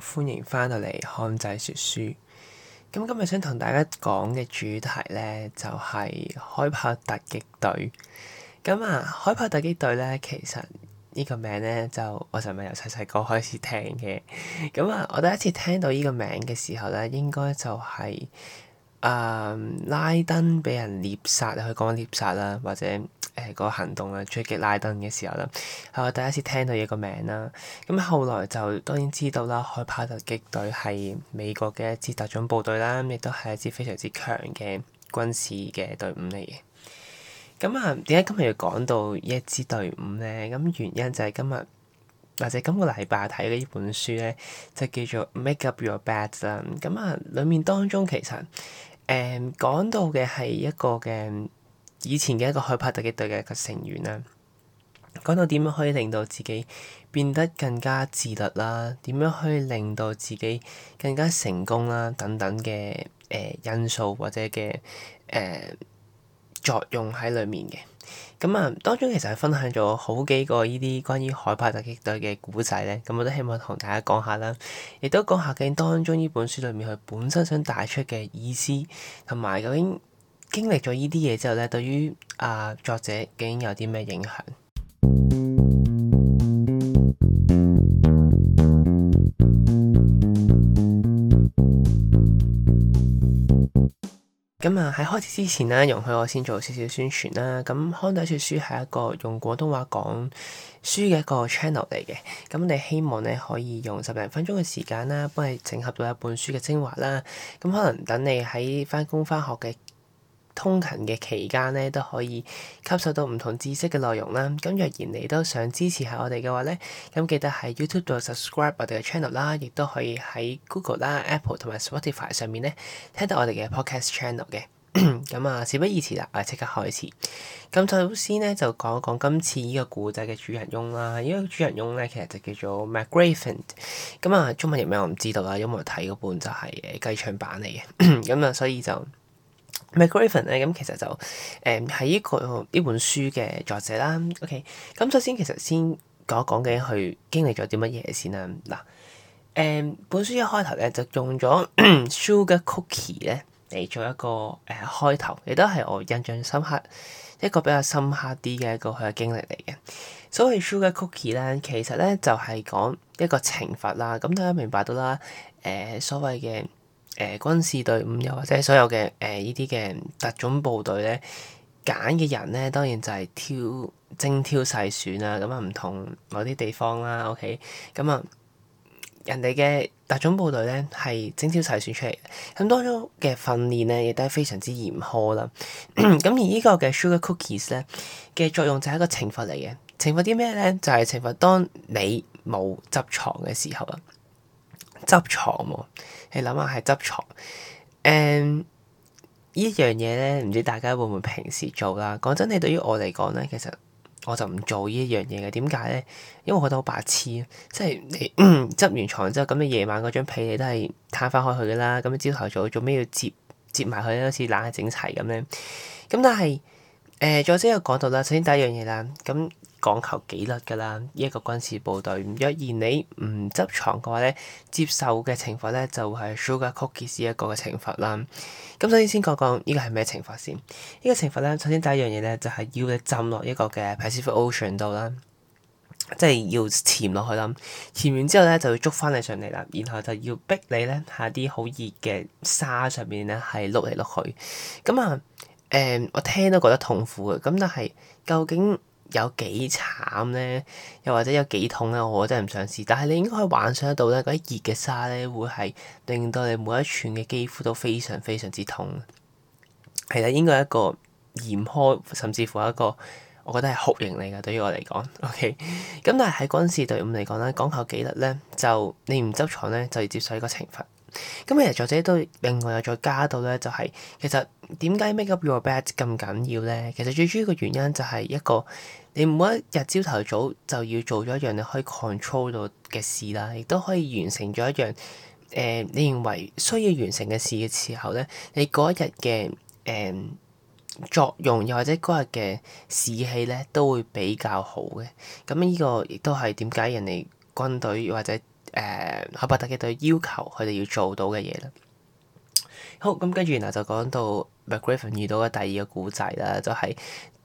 歡迎翻到嚟《漢仔說書》。咁今日想同大家講嘅主題咧，就係《海豹突擊隊》。咁啊，《海豹突擊隊》咧，其實呢個名咧，就我就咪由細細個開始聽嘅。咁啊，我第一次聽到呢個名嘅時候咧、就是，應該就係誒拉登俾人獵殺，可以講獵殺啦，或者，係個行動啦，追擊拉登嘅時候啦，係我第一次聽到呢個名啦。咁後來就當然知道啦，海豹特擊隊係美國嘅一支特種部隊啦，亦都係一支非常之強嘅軍事嘅隊伍嚟嘅。咁啊，點解今日要講到一支隊伍咧？咁原因就係今日或者今個禮拜睇嘅呢本書咧，就叫做《Make Up Your Bed》啦。咁啊，裡面當中其實誒講、嗯、到嘅係一個嘅。以前嘅一個海豹突擊隊嘅一個成員啦，講到點樣可以令到自己變得更加自律啦，點樣可以令到自己更加成功啦等等嘅誒、呃、因素或者嘅誒、呃、作用喺裏面嘅。咁啊，當中其實係分享咗好幾個依啲關於海豹突擊隊嘅故仔咧，咁我都希望同大家講下啦，亦都講下究竟當中依本書裏面佢本身想帶出嘅意思同埋究竟。經歷咗呢啲嘢之後咧，嗯、對於啊作者究竟有啲咩影響？咁啊喺開始之前呢，容許我先做少少宣傳啦。咁《康底小書》係一個用廣東話講書嘅一個 channel 嚟嘅。咁你希望咧可以用十零分鐘嘅時間啦，幫你整合到一本書嘅精華啦。咁可能等你喺返工返學嘅。通勤嘅期間咧，都可以吸收到唔同知識嘅內容啦。咁若然你都想支持下我哋嘅話咧，咁記得喺 YouTube 度 subscribe 我哋嘅 channel 啦，亦都可以喺 Google 啦、Apple 同埋 Spotify 上面咧，聽到我哋嘅 podcast channel 嘅。咁啊， 事不宜遲啦，我哋即刻開始。咁首先咧，就講一講今次依個故仔嘅主人翁啦。依個主人翁咧，其實就叫做 McRaven。咁啊，中文譯名我唔知道啦，因為睇嗰本就係誒雞腸版嚟嘅。咁啊， 所以就～McRaven 咧，咁其實就誒喺呢個呢本書嘅作者啦。OK，咁首先其實先講一講嘅佢經歷咗啲乜嘢先啦。嗱，誒本書一開頭咧就用咗 Sugar Cookie 咧嚟做一個誒、呃、開頭，亦都係我印象深刻一個比較深刻啲嘅一個佢嘅經歷嚟嘅。所謂 Sugar Cookie 咧，其實咧就係講一個懲罰啦。咁大家明白到啦，誒、呃、所謂嘅。誒、呃、軍事隊伍又或者所有嘅誒呢啲嘅特種部隊咧，揀嘅人咧當然就係挑精挑細選啦、啊，咁啊唔同某啲地方啦，OK，咁啊，OK？人哋嘅特種部隊咧係精挑細選出嚟，咁當中嘅訓練咧亦都係非常之嚴苛啦。咁 而個呢個嘅 Sugar Cookies 咧嘅作用就係一個懲罰嚟嘅，懲罰啲咩咧？就係、是、懲罰當你冇執床嘅時候啦。執床喎、啊，你諗下係執床。誒呢樣嘢咧，唔知大家會唔會平時做啦？講真，你對於我嚟講咧，其實我就唔做呢一樣嘢嘅。點解咧？因為我覺得好白痴。即係你執完床之後，咁你夜晚嗰張被你都係攤翻開去噶啦，咁你朝頭早做咩要摺摺埋佢咧？好似懶係整齊咁咧。咁但係誒、呃，再先又講到啦。首先第一樣嘢啦，咁。講求紀律㗎啦！呢一個軍事部隊，若然你唔執床嘅話咧，接受嘅懲罰咧就係、是、sugar cookies 一個嘅懲罰啦。咁首先先講講呢個係咩懲罰先？呢、這個懲罰咧，首先第一樣嘢咧就係要你浸落一個嘅 Pacific Ocean 度啦，即係要潛落去啦。潛完之後咧就要捉翻你上嚟啦，然後就要逼你咧喺啲好熱嘅沙上面咧係碌嚟碌去。咁啊誒、呃，我聽都覺得痛苦嘅。咁但係究竟，有幾慘咧？又或者有幾痛咧？我真係唔想試。但係你應該可以幻想得到咧，嗰啲熱嘅沙咧，會係令到你每一寸嘅肌膚都非常非常之痛。係啦，應該係一個嚴苛，甚至乎係一個我覺得係酷刑嚟㗎。對於我嚟講，OK。咁但係喺軍事隊伍嚟講咧，講求紀律咧，就你唔執床咧，就要接受一個懲罰。咁、就是、其實作者都另外又再加到咧，就係其實點解 make up your bed 咁緊要咧？其實最主要嘅原因就係一個你每一日朝頭早就要做咗一樣你可以 control 到嘅事啦，亦都可以完成咗一樣誒、呃、你認為需要完成嘅事嘅時候咧，你嗰一日嘅誒作用又或者嗰日嘅士氣咧都會比較好嘅。咁呢個亦都係點解人哋軍隊或者，誒、呃、海豹特擊隊要求佢哋要做到嘅嘢啦。好，咁跟住然後就講到 g r 麥格 e n 遇到嘅第二個古仔啦，就係、是、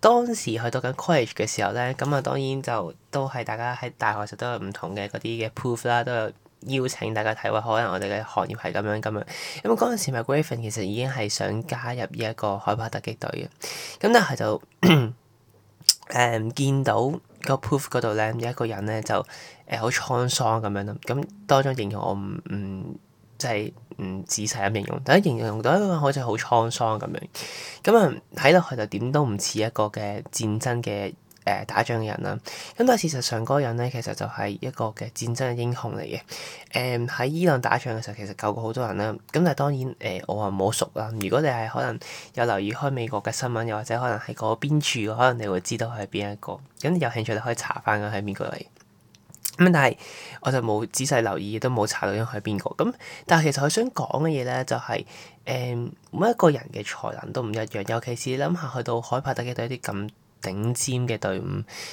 當時去到緊 college 嘅時候咧，咁啊當然就都係大家喺大學就都有唔同嘅嗰啲嘅 proof 啦，都有邀請大家睇話，可能我哋嘅行業係咁樣咁樣。咁嗰陣時麥格 e n 其實已經係想加入呢一個海豹特擊隊嘅，咁但係就。 誒唔、嗯、見到個 proof 嗰度咧，有一個人咧，就誒好、呃、滄桑咁樣咯。咁多種形容我唔唔即係唔仔細咁形容，但係形容到一個好似好滄桑咁樣。咁啊睇落去就點都唔似一個嘅戰爭嘅。誒打仗嘅人啦，咁但係事實上嗰個人咧，其實就係一個嘅戰爭嘅英雄嚟嘅。誒、嗯、喺伊朗打仗嘅時候，其實救過好多人啦。咁但係當然誒、呃，我話唔好熟啦。如果你係可能有留意開美國嘅新聞，又或者可能喺嗰邊處，可能你會知道佢係邊一個。咁有興趣你可以查翻佢係邊個嚟。咁、嗯、但係我就冇仔細留意，亦都冇查到佢係邊個。咁但係其實我想講嘅嘢咧，就係、是、誒、嗯、每一個人嘅才能都唔一樣，尤其是你諗下去到海豹特擊隊啲咁，頂尖嘅隊伍，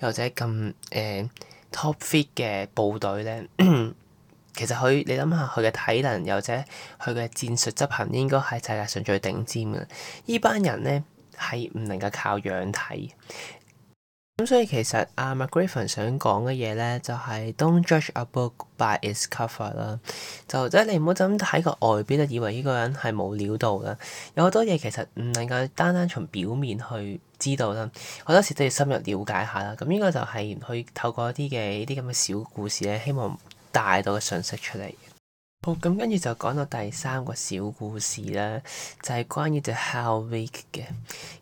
又或者咁誒、呃、top fit 嘅部隊咧， 其實佢你諗下佢嘅體能，又或者佢嘅戰術執行，應該係世界上最頂尖嘅。依班人咧係唔能夠靠樣睇。咁所以其實阿、啊、MacGriffin 想講嘅嘢咧，就係、是、Don't judge a book by its cover 啦，就即係你唔好就咁睇個外表就以為呢個人係冇料到噶，有好多嘢其實唔能夠單單從表面去知道啦，好多時都要深入了解下啦。咁呢個就係去透過一啲嘅呢啲咁嘅小故事咧，希望帶到個信息出嚟。好，咁跟住就講到第三個小故事咧，就係、是、關於 The Hell Week 嘅。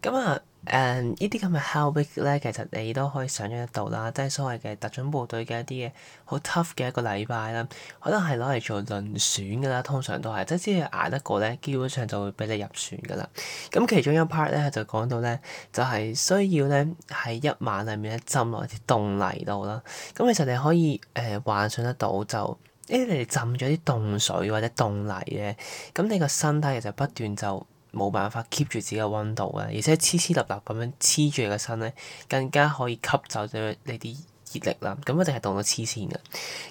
咁啊。誒，依啲咁嘅 Hell Week 咧，其實你都可以想象得到啦，即係所謂嘅特種部隊嘅一啲嘅好 tough 嘅一個禮拜啦，可能係攞嚟做遴選噶啦，通常都係，即係只要捱得過咧，基本上就會俾你入選噶啦。咁其中一 part 咧，就講到咧，就係、是、需要咧喺一晚裡面咧浸落啲凍泥度啦。咁其實你可以誒、呃、幻想得到就，就誒你浸咗啲凍水或者凍泥咧，咁你個身體其實不斷就～冇辦法 keep 住自己嘅温度咧，而且黐黐立立咁樣黐住你個身咧，更加可以吸走咗你啲熱力啦。咁一定係凍到黐線嘅。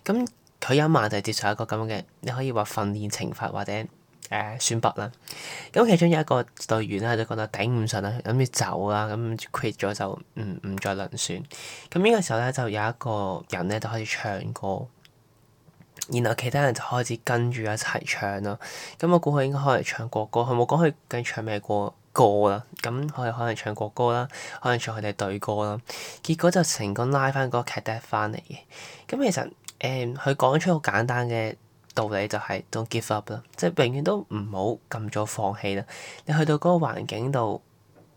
咁佢一晚就接受一個咁樣嘅，你可以話訓練、懲罰或者誒選拔啦。咁其中有一個隊員咧，佢就覺得頂唔順啦，諗住走啦，咁 quit 咗就唔唔再輪選。咁呢個時候咧，就有一個人咧，就開始唱歌。然後其他人就開始跟住一齊唱啦，咁我估佢應該可、可能唱國歌，佢冇講佢究竟唱咩歌啦，咁佢可能唱國歌啦，可能唱佢哋隊歌啦，結果就成功拉翻嗰個 cadet 翻嚟嘅。咁其實誒，佢、呃、講出好簡單嘅道理就係 don't give up 啦，即係永遠都唔好咁早放棄啦。你去到嗰個環境度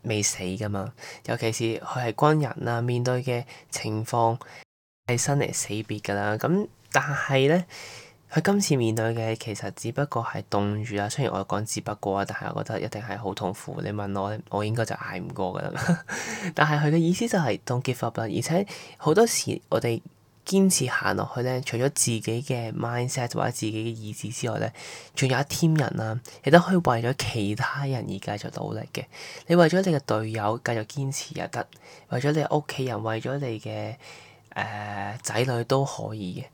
未死噶嘛，尤其是佢係軍人啊，面對嘅情況。係生離死別噶啦，咁但係咧，佢今次面對嘅其實只不過係凍住啦。雖然我講只不過啊，但係我覺得一定係好痛苦。你問我咧，我應該就捱唔過噶啦。 但係佢嘅意思就係 don't give up 啦，而且好多時我哋堅持行落去咧，除咗自己嘅 mindset 或者自己嘅意志之外咧，仲有一 team 人啊，亦都可以為咗其他人而繼續努力嘅。你為咗你嘅隊友繼續堅持又得，為咗你屋企人為，為咗你嘅。誒仔，呃、女都可以嘅，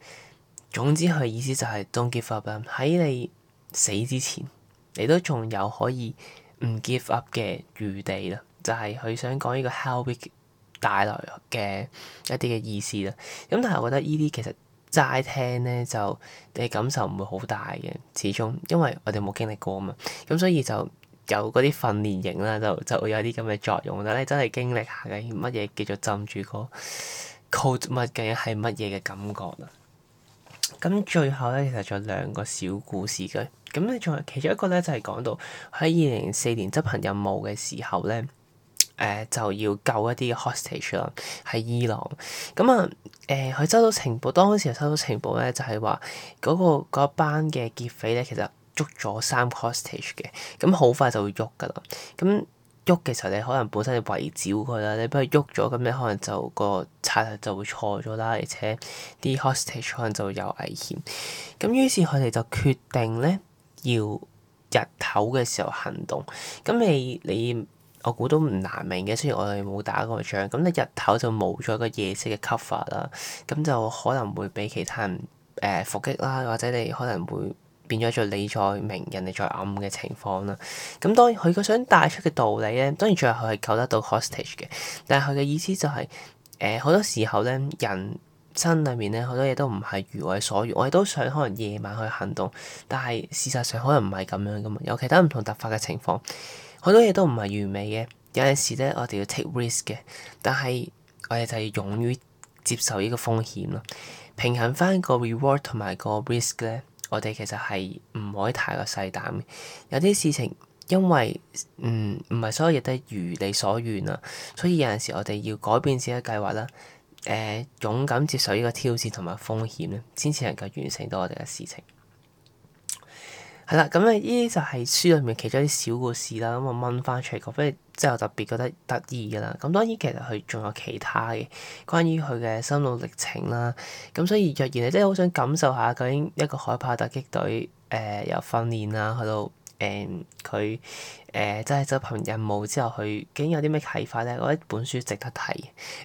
總之佢意思就係 don't give up 啦，喺你死之前，你都仲有可以唔 give up 嘅餘地啦。就係、是、佢想講呢個 how we die 帶來嘅一啲嘅意思啦。咁但係我覺得呢啲其實齋聽咧，就你嘅感受唔會好大嘅，始終因為我哋冇經歷過啊嘛。咁所以就有嗰啲訓練營啦，就就會有啲咁嘅作用。等你真係經歷下嘅，乜嘢叫做浸住個？ 告密嘅係乜嘢嘅感覺啊？咁最後咧，其實仲有兩個小故事嘅，咁咧仲有其中一個咧就係講到喺二零零四年執行任務嘅時候咧，誒、呃、就要救一啲 hostage 啦，喺伊朗。咁啊誒，佢、呃、收到情報，當時收到情報咧就係話嗰個嗰班嘅劫匪咧，其實捉咗三 hostage 嘅，咁好快就會喐噶啦，咁。喐嘅時候，你可能本身你圍剿佢啦，你俾佢喐咗咁，你可能就個策略就會錯咗啦，而且啲 hostage 可能就有危險。咁於是佢哋就決定咧要日頭嘅時候行動。咁你你我估都唔難明嘅，雖然我哋冇打過仗。咁你日頭就冇咗個夜色嘅 cover 啦，咁就可能會俾其他人誒、呃、伏擊啦，或者你可能會。變咗做你在明，人哋在暗嘅情況啦。咁當然佢個想帶出嘅道理咧，當然最後佢係救得到 hostage 嘅。但係佢嘅意思就係誒好多時候咧，人生裏面咧好多嘢都唔係如我哋所願。我哋都想可能夜晚去行動，但係事實上可能唔係咁樣噶嘛。有其他唔同突發嘅情況，好多嘢都唔係完美嘅。有陣時咧，我哋要 take risk 嘅，但係我哋就要勇於接受呢個風險咯，平衡翻個 reward 同埋個 risk 咧。我哋其實係唔可以太過細膽，有啲事情因為唔唔係所有嘢都係如你所願啊，所以有陣時我哋要改變自己嘅計劃啦，誒、呃、勇敢接受呢個挑戰同埋風險咧，先至能夠完成到我哋嘅事情。係啦，咁啊、嗯，依啲就係書裏面其中啲小故事啦，咁、嗯、我掹翻出嚟，覺得之後特別覺得得意㗎啦。咁當然其實佢仲有其他嘅關於佢嘅心路歷程啦。咁、嗯、所以若然你真係好想感受下究竟一個海豹特擊隊誒由、呃、訓練啊去到誒佢誒即係執行任務之後佢究竟然有啲咩啟發咧，我覺得本書值得睇。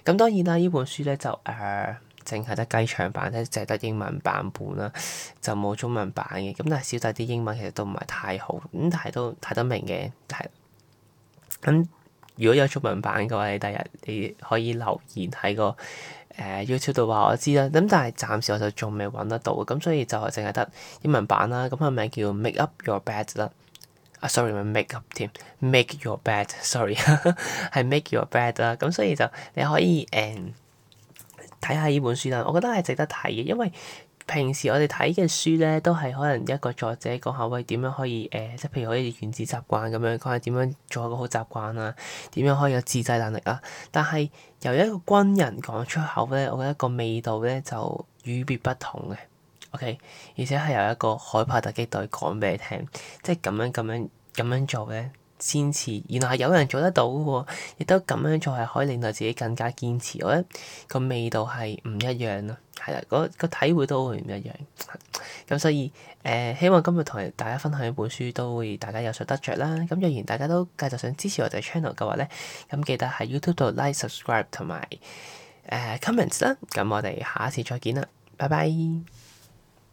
咁當然啦，依本書咧就誒。呃淨係得雞腸版咧，淨係得英文版本啦，就冇中文版嘅。咁但係小弟啲英文，其實都唔係太好。咁但睇都睇得明嘅，但咁如果有中文版嘅話，你第日，日你可以留言喺個誒、呃、YouTube 度話我知啦。咁但係暫時我就仲未揾得到，咁所以就係淨係得英文版啦。咁個名叫 Make Up Your Bed 啦、啊。啊，Sorry，唔係 Make Up 添，Make Your Bed，Sorry，係 Make Your Bed 啦。咁所以就你可以誒。嗯睇下依本書啦，我覺得係值得睇嘅，因為平時我哋睇嘅書咧都係可能一個作者講下喂，點樣可以誒，即、呃、譬如可以原子習慣咁樣，講下點樣做一個好習慣啊，點樣可以有自制能力啊。但係由一個軍人講出口咧，我覺得個味道咧就與別不同嘅。OK，而且係由一個海豹特擊隊講俾你聽，即咁樣咁樣咁樣做咧。堅持原來係有人做得到喎，亦都咁樣做係可以令到自己更加堅持。我覺得個味道係唔一樣咯，係啦，個個體會都會唔一樣。咁所以誒、呃，希望今日同大家分享呢本書都會大家有所得着啦。咁若然大家都繼續想支持我哋 channel 嘅話咧，咁記得喺 YouTube 度 like、subscribe 同埋誒 comments 啦。咁我哋下一次再見啦，拜拜。